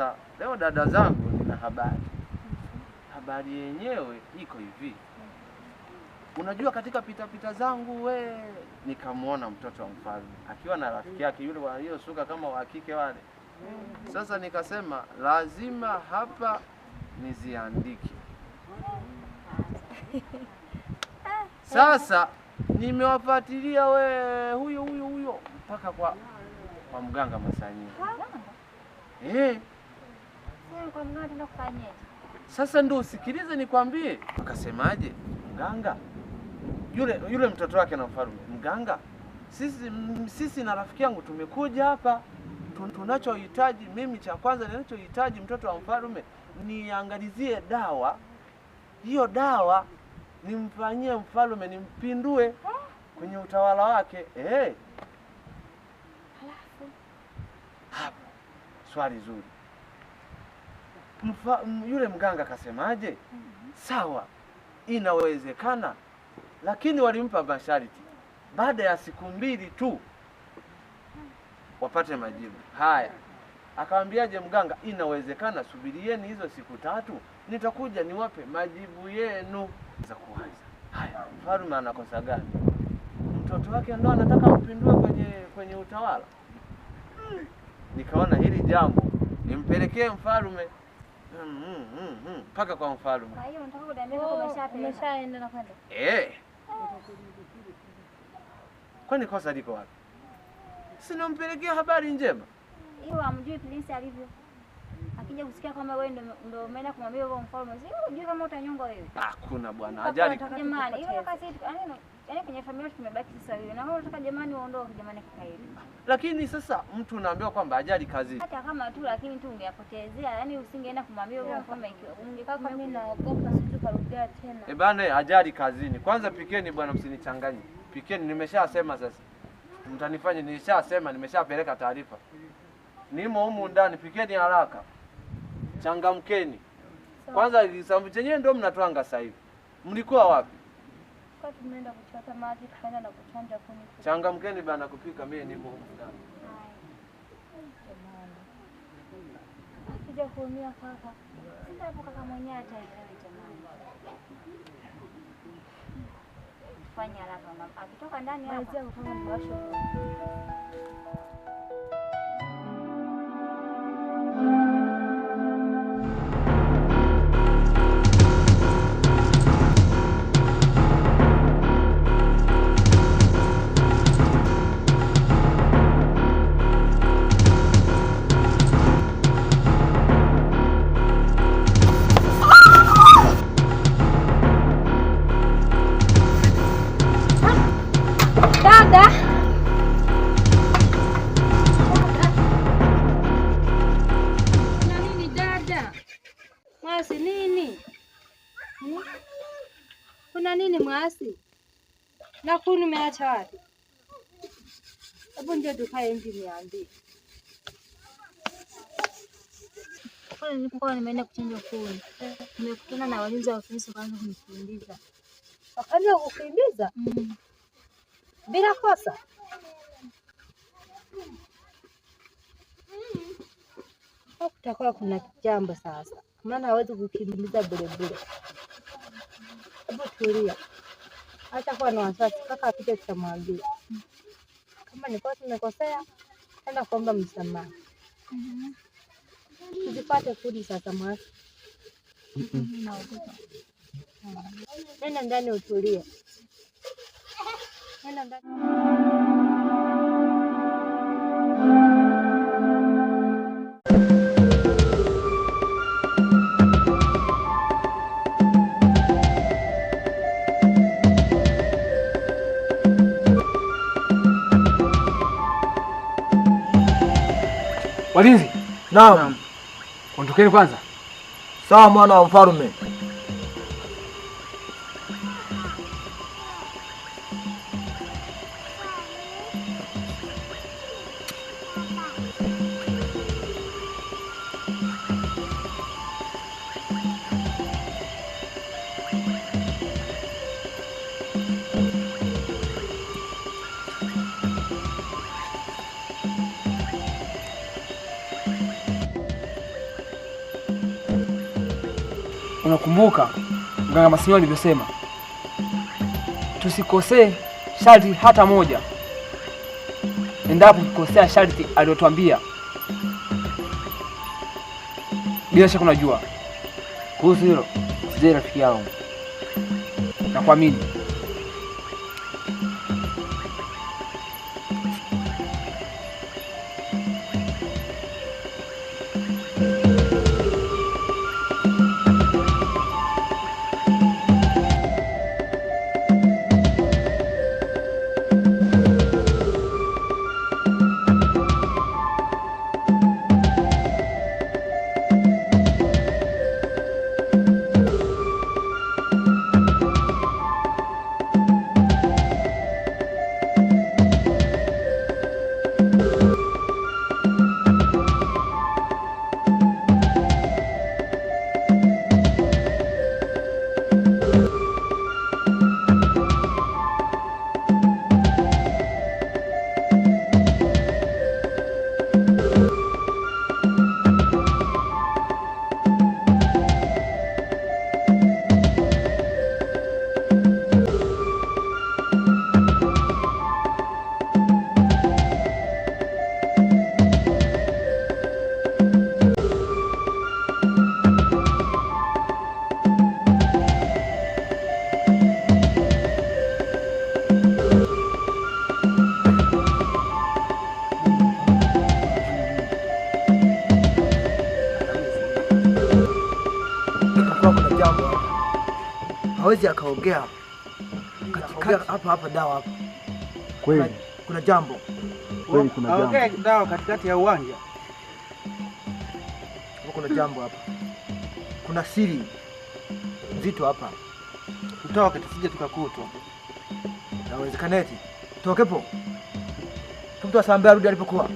Sasa leo dada zangu, nina habari. Habari yenyewe iko hivi, unajua katika pitapita -pita zangu we, nikamwona mtoto wa mfalme akiwa na rafiki yake yule waliosuka kama wa kike wale. Sasa nikasema lazima hapa niziandike. Sasa nimewafuatilia we huyo huyo huyo mpaka kwa kwa mganga Masanyi eh. Sasa ndo usikilize nikwambie. Akasemaje mganga yule yule, mtoto wake na mfalme, mganga sisi, sisi na rafiki yangu tumekuja hapa, tunachohitaji mimi, cha kwanza ninachohitaji mtoto wa mfalme, niangalizie dawa hiyo, dawa nimfanyie mfalme, nimpindue kwenye utawala wake. Hey. Eh. Hapo swali zuri mfa, yule mganga akasemaje? mm -hmm. Sawa, inawezekana, lakini walimpa masharti, baada ya siku mbili tu wapate majibu haya. Akamwambiaje mganga? Inawezekana, subirieni hizo siku tatu, nitakuja niwape majibu yenu. za kuanza haya, mfalme anakosa gani? Mtoto wake ndo anataka kupindua kwenye, kwenye utawala. Nikaona hili jambo nimpelekee mfalme mpaka kwa mfalme. Kwa hiyo unataka kudambia kwa mshapeleka. Oh, umeshaenda na kwenda. Eh. Kwani kosa liko wapi? Sinampelekea habari njema. Hiyo amjui Prince alivyo. Akija kusikia kwamba wewe ndio ndio umeenda kumwambia kwa mfalme, sio unajua kama utanyongwa wewe. Hakuna bwana, ajali. Jamani, hiyo kazi yaani yaani kwenye familia tumebaki sasa hivi, na unataka jamani uondoke, jamani kaka hivi. Lakini sasa mtu unaambiwa kwamba ajali kazi. Hata kama tu lakini tu ungeapotezea, yaani usingeenda kumwambia huyo mfama ungekaa kwa mimi naogopa sisi tukarudia tena. Eh, bana ajali kazini. Kwanza pikeni bwana, msinichanganye. Pikeni nimeshasema sasa. Mtanifanye nimeshasema nimeshapeleka taarifa. Nimo humu ndani, pikeni haraka. Changamkeni. Kwanza kisamvu chenyewe ndio mnatwanga sasa hivi. Mlikuwa wapi? Tulikuwa tumeenda kuchota maji tukaenda na kuchanja kuni. Changamkeni bana kupika, mimi nipo ndani. Sija kuumia kaka. Sasa hapo kaka mwenyewe ataelewa jamani. Fanya haraka mama. Akitoka ndani hapo. Kuwasha. Huku nimeacha wapi? Hebu ndio tukae mji niambie. Kule nilipokuwa nimeenda kuchinja kuni. Nimekutana na walinzi wa ofisi wakaanza kunikimbiza. Wakaanza kukimbiza? Mm. Bila kosa. Hakutakuwa kuna jambo sasa. Maana hawezi kukimbiza bure bure. Hebu tulia hata kuwa na wasiwasi, kaka apite, tutamwambia kama nilikuwa tumekosea, enda kuomba msamaha mm-hmm. tuzipate kudi sasa mwasi mm-hmm. Nenda ndani utulie, nenda ndani. Walinzi, naam, ondokeni kwanza. Sawa, mwana wa mfalme. Unakumbuka mganga Masinyo alivyosema tusikosee sharti hata moja. Endapo tukikosea sharti aliyotuambia, bila shaka unajua kuhusu hilo. Sijai rafiki yangu, nakuamini. hawezi akaongea hapa hapa dawa hapa. Kweli kuna jambo kweli, kuna jambo aongea dawa katikati ya uwanja, kuna jambo hapa, kuna siri nzito hapa. Tutoke tusije tukakutwa. Nawezekana tokepo tumtu asambe alipokuwa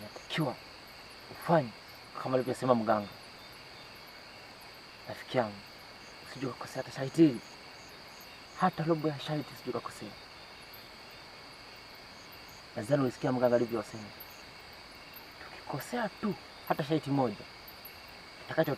inatakiwa ufanye kama alivyosema mganga. Rafiki yangu, usije ukakosea hata hili, hata robo ya shaiti usije ukakosea. Nadhani ulisikia mganga alivyosema, tukikosea tu hata shaiti moja, kitakacho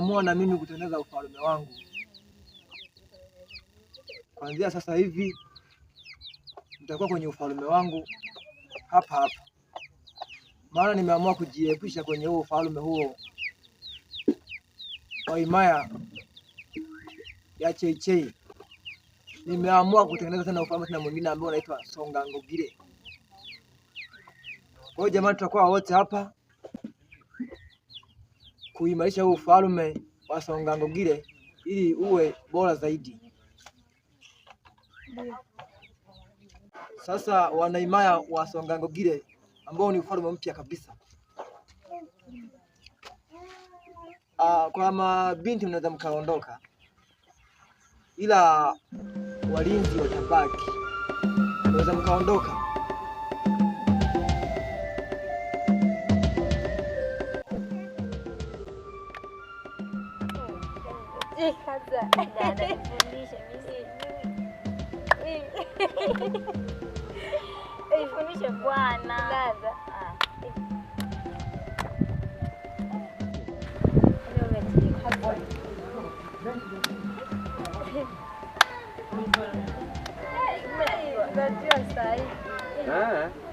naamua na mimi kutengeneza ufalme wangu kuanzia sasa hivi nitakuwa kwenye ufalme wangu hapa hapa, maana nimeamua kujiepusha kwenye huo ufalme huo wa himaya ya Cheichei. Nimeamua kutengeneza tena ufalme tena mwingine ambao unaitwa Songa Kwa hiyo jamani, tutakuwa wote hapa kuimarisha huu ufalme wa Ngogile ili uwe bora zaidi. Sasa wanaimaya wa Ngogile ambao ni ufalme mpya kabisa. Uh, kwa mabinti mnaweza mkaondoka, ila walinzi watabaki. Mnaweza mkaondoka ifundishe bwana. Unajua sahii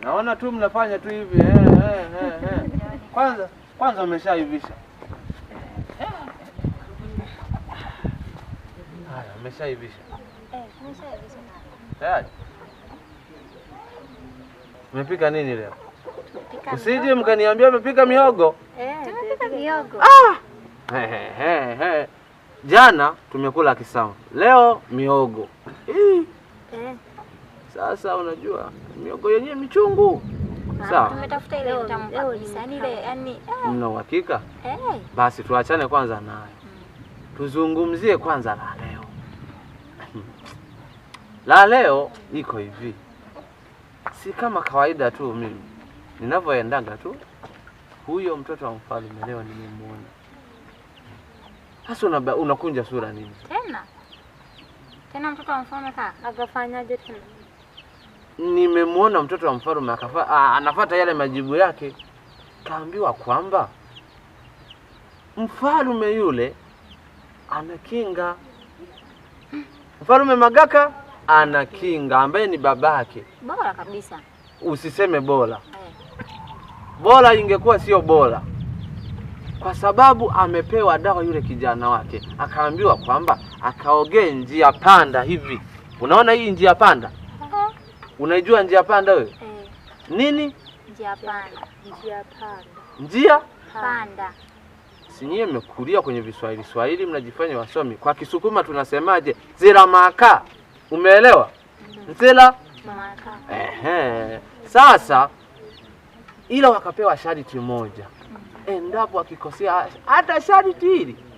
Naona tu mnafanya tu hivi eh, eh, eh, eh. Kwanza kwanza umeshaivisha haya, umeshaivisha tayari. Umepika nini leo? Usije mkaniambia umepika mihogo. Eh, mihogo. Ah! Jana tumekula kisao, leo mihogo. Sasa unajua miogo yenyewe michungu. Ah, sawa, tumetafuta ile kabisa ile, yani yaani, eh. mna uhakika? Eh. Basi tuachane kwanza nayo, mm. tuzungumzie kwanza la leo. La leo iko hivi, si kama kawaida tu, mimi ninavyoendanga tu, huyo mtoto wa mfalme leo nimemwona. Sasa unakunja sura nini tena tena, mtoto wa mfalme kaka akafanyaje tena? nimemwona mtoto wa mfalme anafuata yale majibu yake, kaambiwa kwamba mfalme yule ana kinga, mfalme Magaka ana kinga, ambaye ni babake. Bora kabisa, usiseme bora eh. bora, ingekuwa sio bora, kwa sababu amepewa dawa yule kijana wake, akaambiwa kwamba akaogee njia panda hivi. Unaona hii njia panda Unaijua njia panda wewe? Eh. Nini? Njia panda. Njia panda. Njia panda. Sinyie mmekulia kwenye Viswahili Swahili mnajifanya wasomi. Kwa Kisukuma tunasemaje? Zira maka. Umeelewa? Mm-hmm. Zira maka. Ehe. Sasa ila wakapewa sharti moja. Mm. Endapo akikosea hata sharti hili